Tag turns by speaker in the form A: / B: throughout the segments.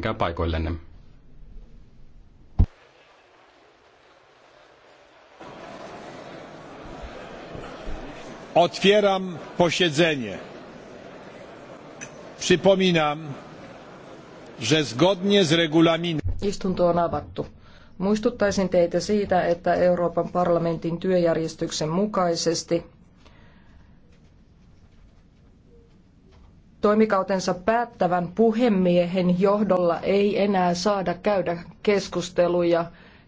A: menkää paikoillenne.
B: Otwieram posiedzenie. Przypominam, że zgodnie z regulaminem... Istunto on avattu. Muistuttaisin teitä siitä, että Euroopan parlamentin työjärjestyksen mukaisesti toimikautensa päättävän puhemiehen johdolla ei enää saada käydä keskusteluja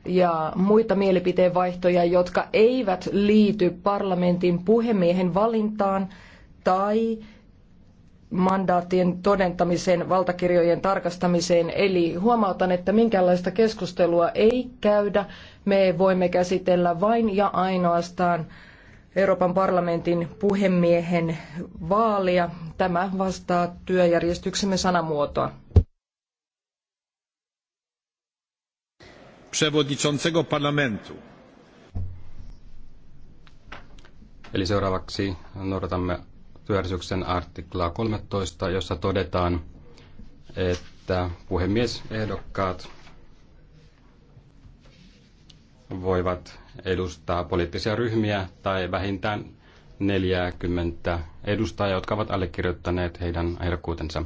B: ja muita mielipiteenvaihtoja, jotka eivät liity parlamentin puhemiehen valintaan tai mandaattien todentamiseen, valtakirjojen tarkastamiseen. Eli huomautan, että minkäänlaista keskustelua ei käydä. Me voimme käsitellä vain ja ainoastaan Euroopan parlamentin puhemiehen vaalia. Tämä vastaa työjärjestyksemme sanamuotoa. Przewodniczącego parlamentu.
A: Eli seuraavaksi noudatamme työjärjestyksen artiklaa 13, jossa todetaan, että puhemiesehdokkaat voivat edustaa poliittisia ryhmiä tai vähintään 40 edustajaa, jotka ovat allekirjoittaneet heidän ehdokkuutensa.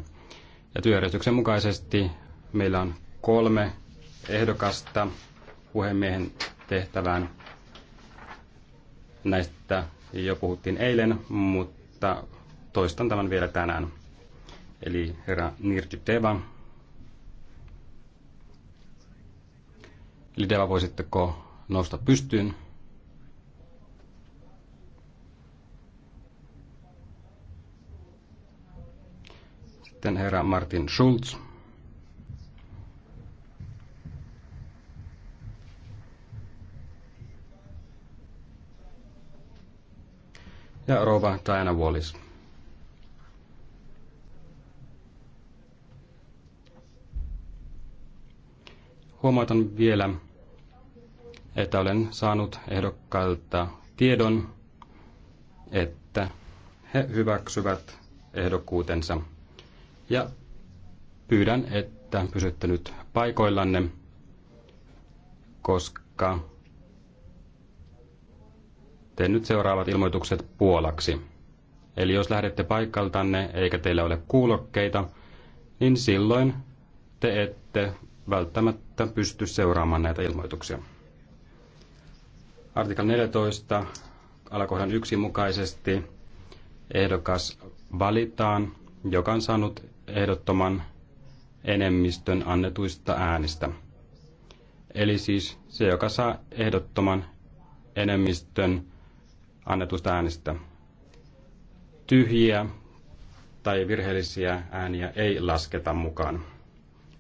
A: Ja työjärjestyksen mukaisesti meillä on kolme ehdokasta puhemiehen tehtävään. Näistä jo puhuttiin eilen, mutta toistan tämän vielä tänään. Eli herra Nirti Deva. Eli Deva, voisitteko nousta pystyyn. Sitten herra Martin Schulz. Ja rouva Diana Wallis. Huomautan vielä, että olen saanut ehdokkailta tiedon, että he hyväksyvät ehdokkuutensa. Ja pyydän, että pysytte nyt paikoillanne, koska teen nyt seuraavat ilmoitukset puolaksi. Eli jos lähdette paikaltanne eikä teillä ole kuulokkeita, niin silloin te ette välttämättä pysty seuraamaan näitä ilmoituksia. Artikla 14 alakohdan 1 mukaisesti ehdokas valitaan, joka on saanut ehdottoman enemmistön annetuista äänistä. Eli siis se, joka saa ehdottoman enemmistön annetusta äänistä. Tyhjiä tai virheellisiä ääniä ei lasketa mukaan.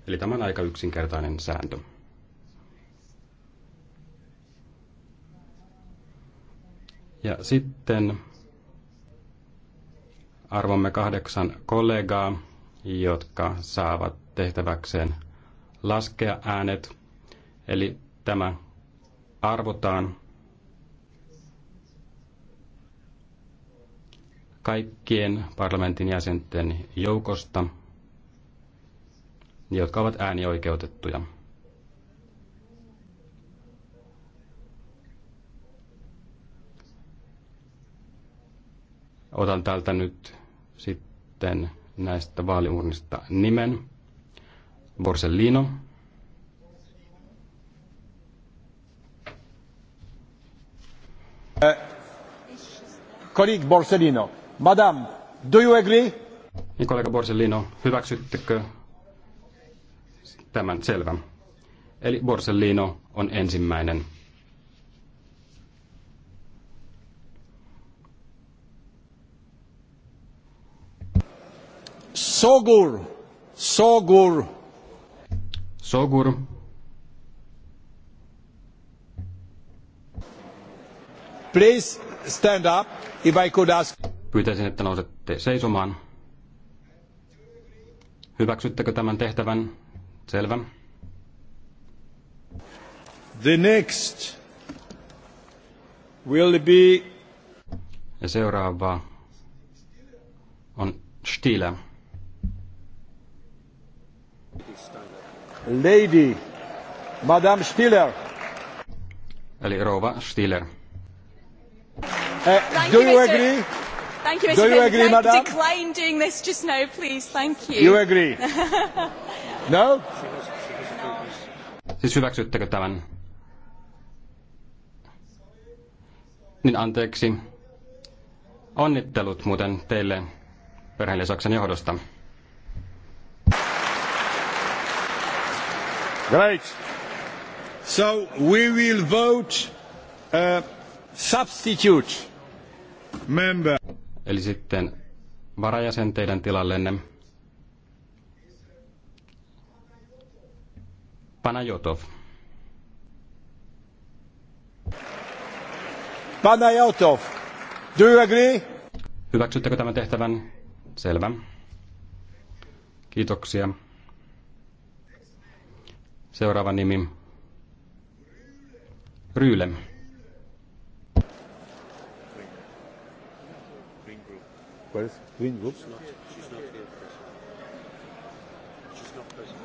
A: Eli tämä on aika yksinkertainen sääntö. Ja sitten arvomme kahdeksan kollegaa, jotka saavat tehtäväkseen laskea äänet. Eli tämä arvotaan kaikkien parlamentin jäsenten joukosta, jotka ovat äänioikeutettuja. Otan täältä nyt sitten näistä vaaliurnista nimen. Borsellino. Kollega eh, Colleague Borsellino. Madame, do you agree? Niin, kollega Borsellino, hyväksyttekö tämän selvän? Eli Borsellino on ensimmäinen
B: Sogur. Sogur.
A: Sogur. Please stand up if I could ask. Pyytäisin, että nousette seisomaan. Hyväksyttekö tämän tehtävän? Selvä. The next
B: will be...
A: Ja seuraava on Stila.
B: Lady, Madame Stiller.
A: Eli Rova Stiller.
B: Uh, do you agree? Thank you, Mr. Do you agree, madam? Decline doing this just now, please. Thank you. You agree?
A: no? Siis hyväksyttekö tämän? Niin anteeksi. Onnittelut muuten teille perheen johdosta. Great. So we will vote a uh, substitute member. Eli sitten varajäsen teidän tilallenne. Panajotov. Panajotov, do you agree? Hyväksyttekö tämän tehtävän? Selvä. Kiitoksia. Seuraava nimi. Ryylem.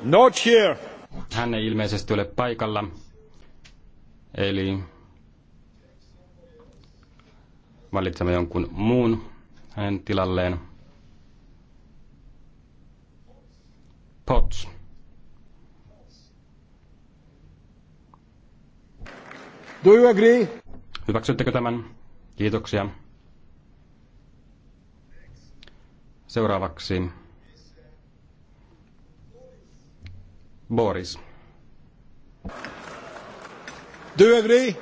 A: Not here. Hän ei ilmeisesti ole paikalla. Eli valitsemme jonkun muun hänen tilalleen. Potts.
B: Do you agree?
A: Hyväksyttekö tämän? Kiitoksia. Seuraavaksi Boris. Do you agree?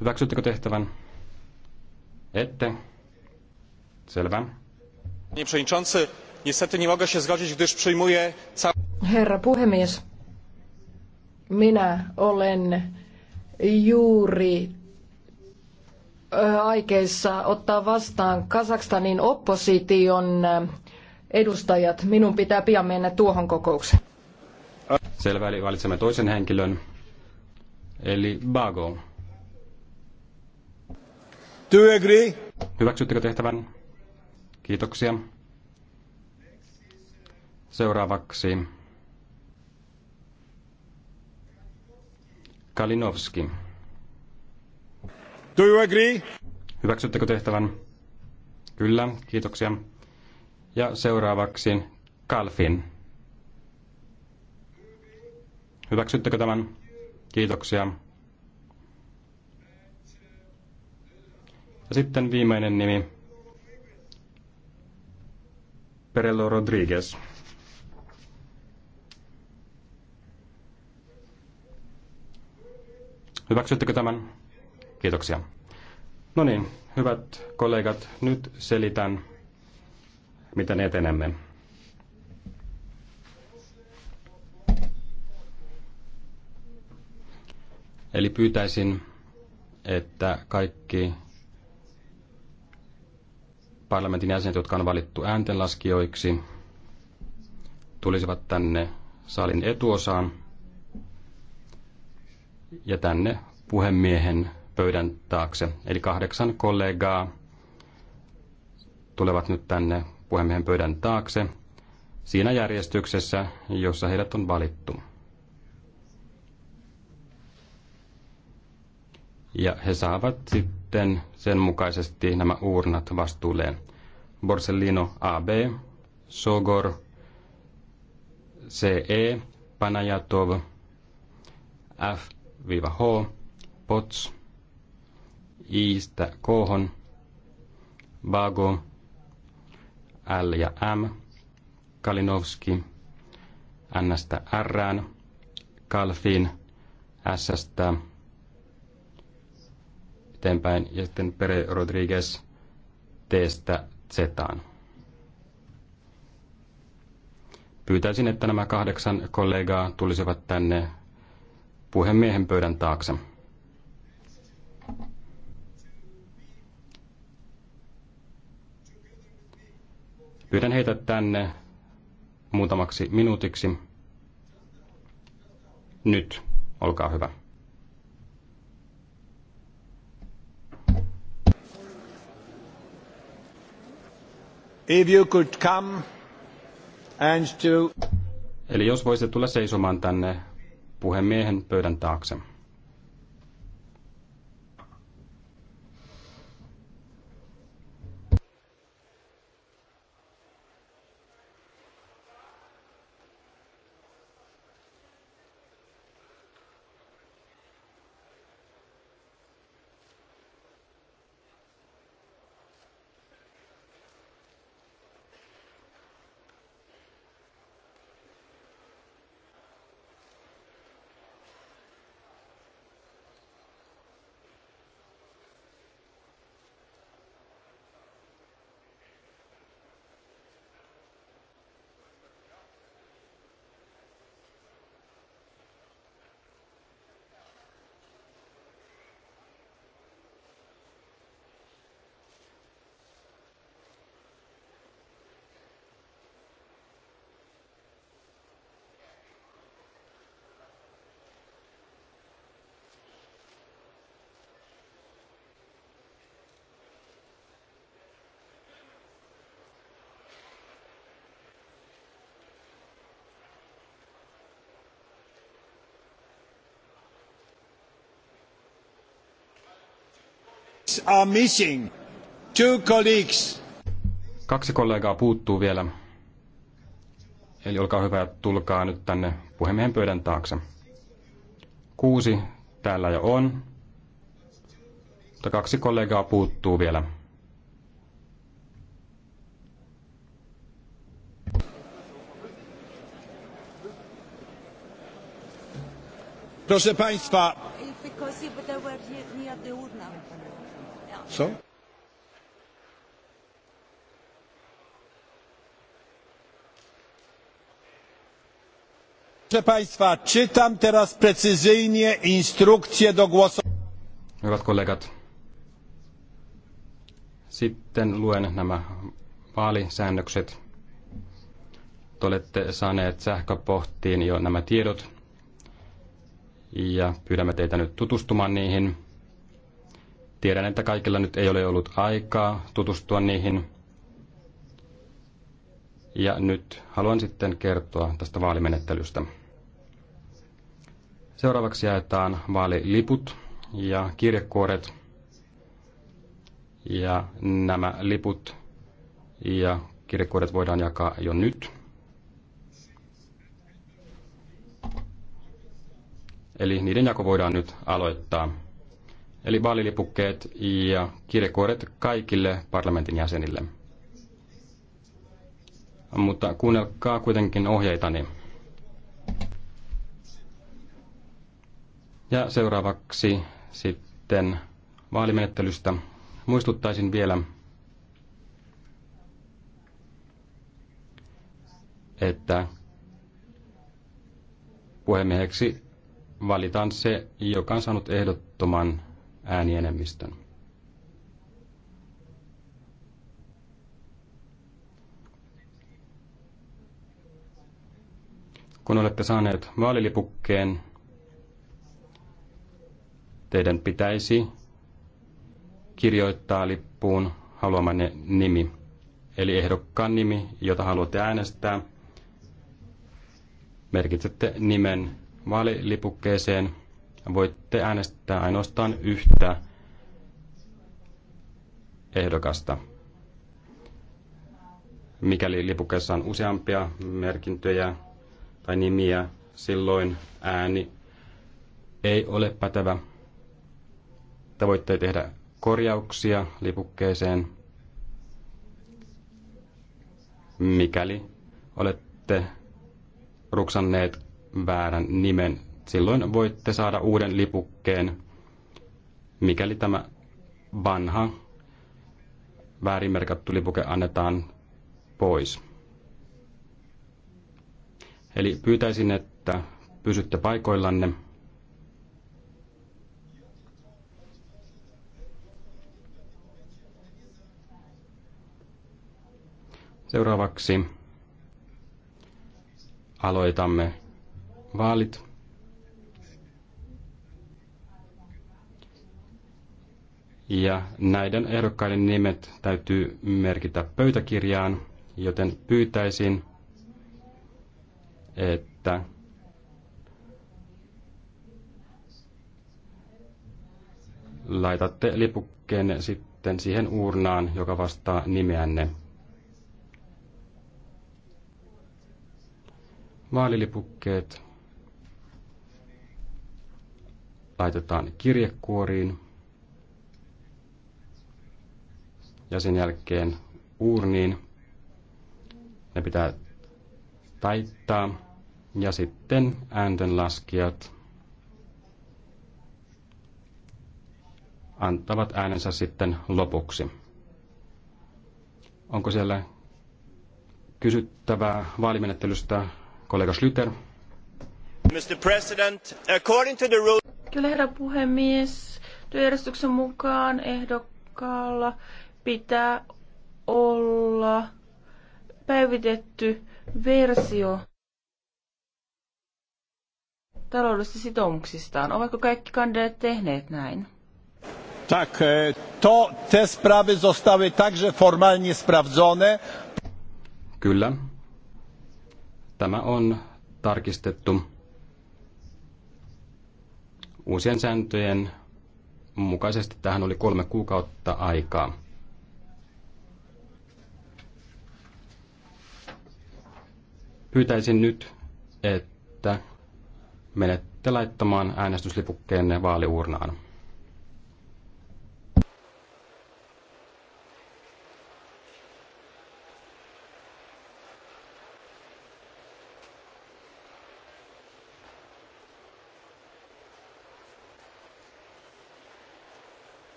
A: Hyväksyttekö tehtävän? Ette. Selvä. niestety nie mogę się zgodzić, gdyż przyjmuję
B: Herra puhemies, minä olen juuri aikeissa ottaa vastaan Kazakstanin opposition edustajat. Minun pitää pian mennä tuohon kokoukseen.
A: Selvä, eli valitsemme toisen henkilön, eli Bago. Do you agree? Hyväksyttekö tehtävän? Kiitoksia. Seuraavaksi Kalinowski. Do you agree? Hyväksyttekö tehtävän? Kyllä, kiitoksia. Ja seuraavaksi Kalfin. Hyväksyttekö tämän? Kiitoksia. Ja sitten viimeinen nimi. Perello Rodriguez. Hyväksyttekö tämän? Kiitoksia. No niin, hyvät kollegat, nyt selitän, miten etenemme. Eli pyytäisin, että kaikki parlamentin jäsenet, jotka on valittu ääntenlaskijoiksi, tulisivat tänne salin etuosaan ja tänne puhemiehen pöydän taakse. Eli kahdeksan kollegaa tulevat nyt tänne puhemiehen pöydän taakse siinä järjestyksessä, jossa heidät on valittu. Ja he saavat sitten sen mukaisesti nämä uurnat vastuulleen. Borsellino AB, Sogor, CE, Panajatov, F. H, POTS, Iistä K, Bago, L ja M, Kalinowski, N-stä R, Kalfin, S-stä eteenpäin ja sitten Pere Rodriguez T-stä Z. Pyytäisin, että nämä kahdeksan kollegaa tulisivat tänne puhemiehen pöydän taakse. Pyydän heitä tänne muutamaksi minuutiksi. Nyt, olkaa hyvä.
B: If you could come and to...
A: Eli jos voisit tulla seisomaan tänne puhemiehen pöydän taakse.
B: are missing. Two colleagues.
A: Kaksi kollegaa puuttuu vielä. Eli olkaa hyvä ja tulkaa nyt tänne puhemiehen pöydän taakse. Kuusi täällä jo on. Mutta kaksi kollegaa puuttuu vielä.
B: Proszę Państwa. So? Proszę Państwa, czytam teraz precyzyjnie instrukcję do głosowania.
A: Hyvät kollegat, sitten luen nämä vaalisäännökset. Te olette saaneet sähköpohtiin jo nämä tiedot ja pyydämme teitä nyt tutustumaan niihin. Tiedän, että kaikilla nyt ei ole ollut aikaa tutustua niihin. Ja nyt haluan sitten kertoa tästä vaalimenettelystä. Seuraavaksi jaetaan vaaliliput ja kirjekuoret. Ja nämä liput ja kirjekuoret voidaan jakaa jo nyt. Eli niiden jako voidaan nyt aloittaa eli vaalilipukkeet ja kirjekuoret kaikille parlamentin jäsenille. Mutta kuunnelkaa kuitenkin ohjeitani. Ja seuraavaksi sitten vaalimenettelystä muistuttaisin vielä, että puhemieheksi valitaan se, joka on saanut ehdottoman äänienemmistön. Kun olette saaneet vaalilipukkeen, teidän pitäisi kirjoittaa lippuun haluamanne nimi, eli ehdokkaan nimi, jota haluatte äänestää. Merkitsette nimen vaalilipukkeeseen voitte äänestää ainoastaan yhtä ehdokasta. Mikäli lipukessa on useampia merkintöjä tai nimiä, silloin ääni ei ole pätevä. Te voitte tehdä korjauksia lipukkeeseen, mikäli olette ruksanneet väärän nimen silloin voitte saada uuden lipukkeen, mikäli tämä vanha väärinmerkattu lipuke annetaan pois. Eli pyytäisin, että pysytte paikoillanne. Seuraavaksi aloitamme vaalit. Ja näiden ehdokkaiden nimet täytyy merkitä pöytäkirjaan, joten pyytäisin, että laitatte lipukkeenne sitten siihen uurnaan, joka vastaa nimeänne. Vaalilipukkeet laitetaan kirjekuoriin. ja sen jälkeen uurniin. Ne pitää taittaa ja sitten ääntenlaskijat antavat äänensä sitten lopuksi. Onko siellä kysyttävää vaalimenettelystä kollega Slyter?
B: Mr. President, according to the rule... Kyllä herra puhemies, työjärjestyksen mukaan ehdokkaalla pitää olla päivitetty versio taloudellisista sitoumuksistaan. Ovatko kaikki kandidaat tehneet näin? Tak, e, to te sprawy zostały także formalnie sprawdzone.
A: Kyllä. Tämä on tarkistettu uusien sääntöjen mukaisesti. Tähän oli kolme kuukautta aikaa. Pyytäisin nyt, että menette laittamaan äänestyslipukkeenne vaaliurnaan.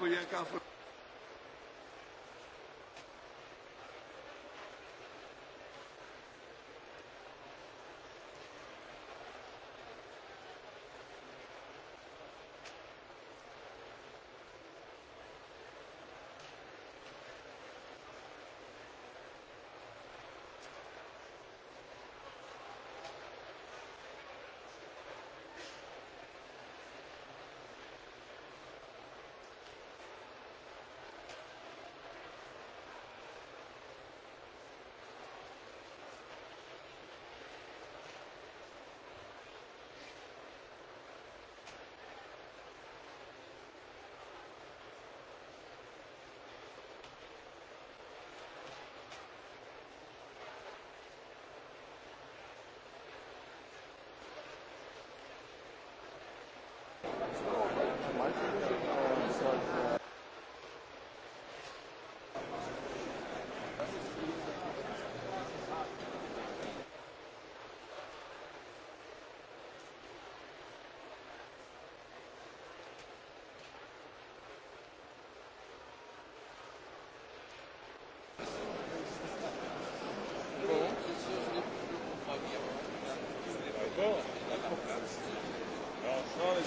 B: tempo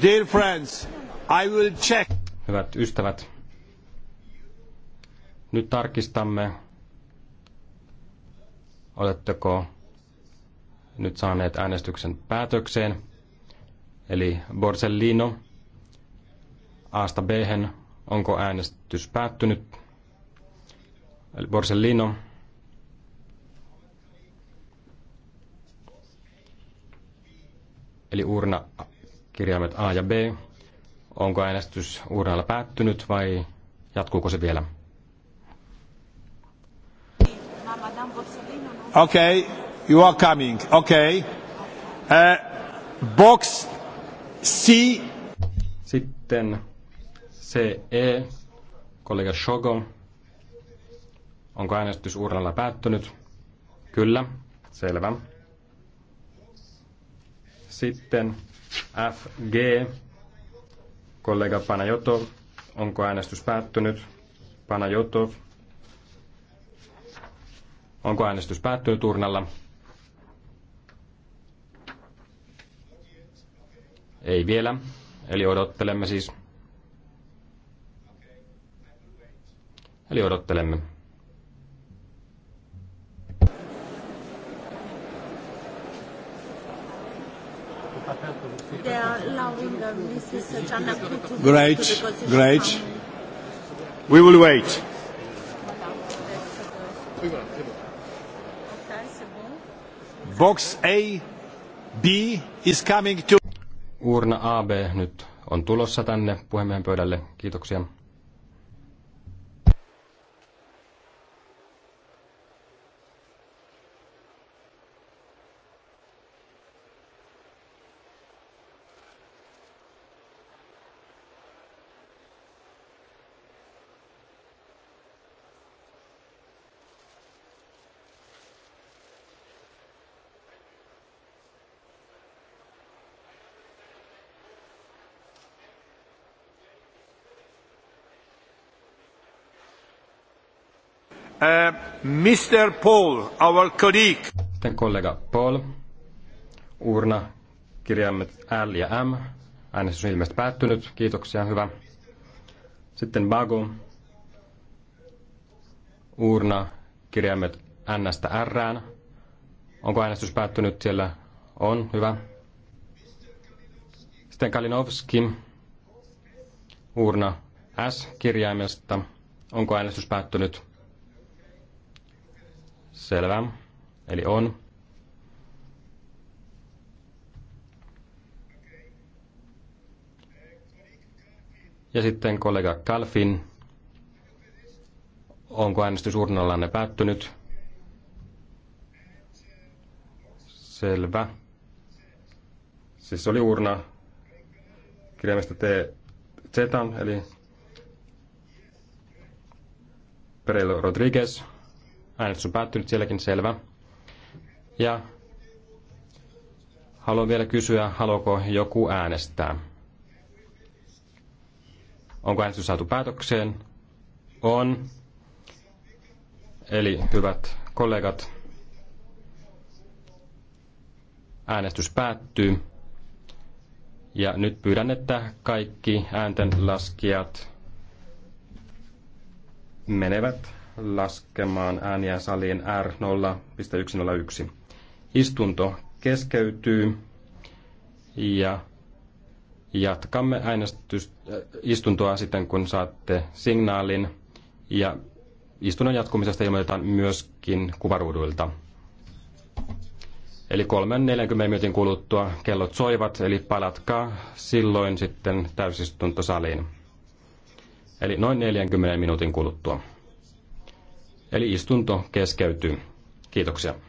B: Dear friends, I will check.
A: Hyvät ystävät, nyt tarkistamme, oletteko nyt saaneet äänestyksen päätökseen. Eli Borsellino, Asta b onko äänestys päättynyt? Eli Borsellino, eli urna kirjaimet A ja B. Onko äänestys uudella päättynyt vai jatkuuko se vielä?
B: Okay, you are coming. Okay. Uh, box C. Sitten CE,
A: kollega Shogo. Onko äänestys uudella päättynyt? Kyllä, selvä. Sitten FG, kollega Panajotov, onko äänestys päättynyt? Panajotov, onko äänestys päättynyt turnalla? Ei vielä, eli odottelemme siis. Eli odottelemme. they are allowing uh, Mrs. Gianna Great, to great.
B: We will wait. Box A, B is coming to...
A: Urna AB nyt on tulossa tänne puhemiehen pöydälle. Kiitoksia.
B: Uh, eh, Mr. Paul,
A: our colleague. Sitten kollega Paul, urna, kirjaimet L ja M. Äänestys on ilmeisesti päättynyt. Kiitoksia, hyvä. Sitten Bago, urna, kirjaimet N-stä R. Onko äänestys päättynyt siellä? On, hyvä. Sitten Kalinowski, urna S-kirjaimesta. Onko äänestys päättynyt? Selvä. Eli on. Ja sitten kollega Kalfin. Onko äänestys urnallanne päättynyt? Selvä. Siis se oli urna kirjaimesta T, Z, eli Perel Rodriguez. Äänestys on päättynyt sielläkin, selvä. Ja haluan vielä kysyä, haluaako joku äänestää? Onko äänestys saatu päätökseen? On. Eli hyvät kollegat, äänestys päättyy. Ja nyt pyydän, että kaikki ääntenlaskijat menevät laskemaan ääniä saliin R0.101. Istunto keskeytyy ja jatkamme äh, istuntoa sitten, kun saatte signaalin. Ja istunnon jatkumisesta ilmoitetaan myöskin kuvaruuduilta. Eli 3.40 minuutin kuluttua kellot soivat, eli palatkaa silloin sitten täysistuntosaliin. Eli noin 40 minuutin kuluttua. Eli istunto keskeytyy. Kiitoksia.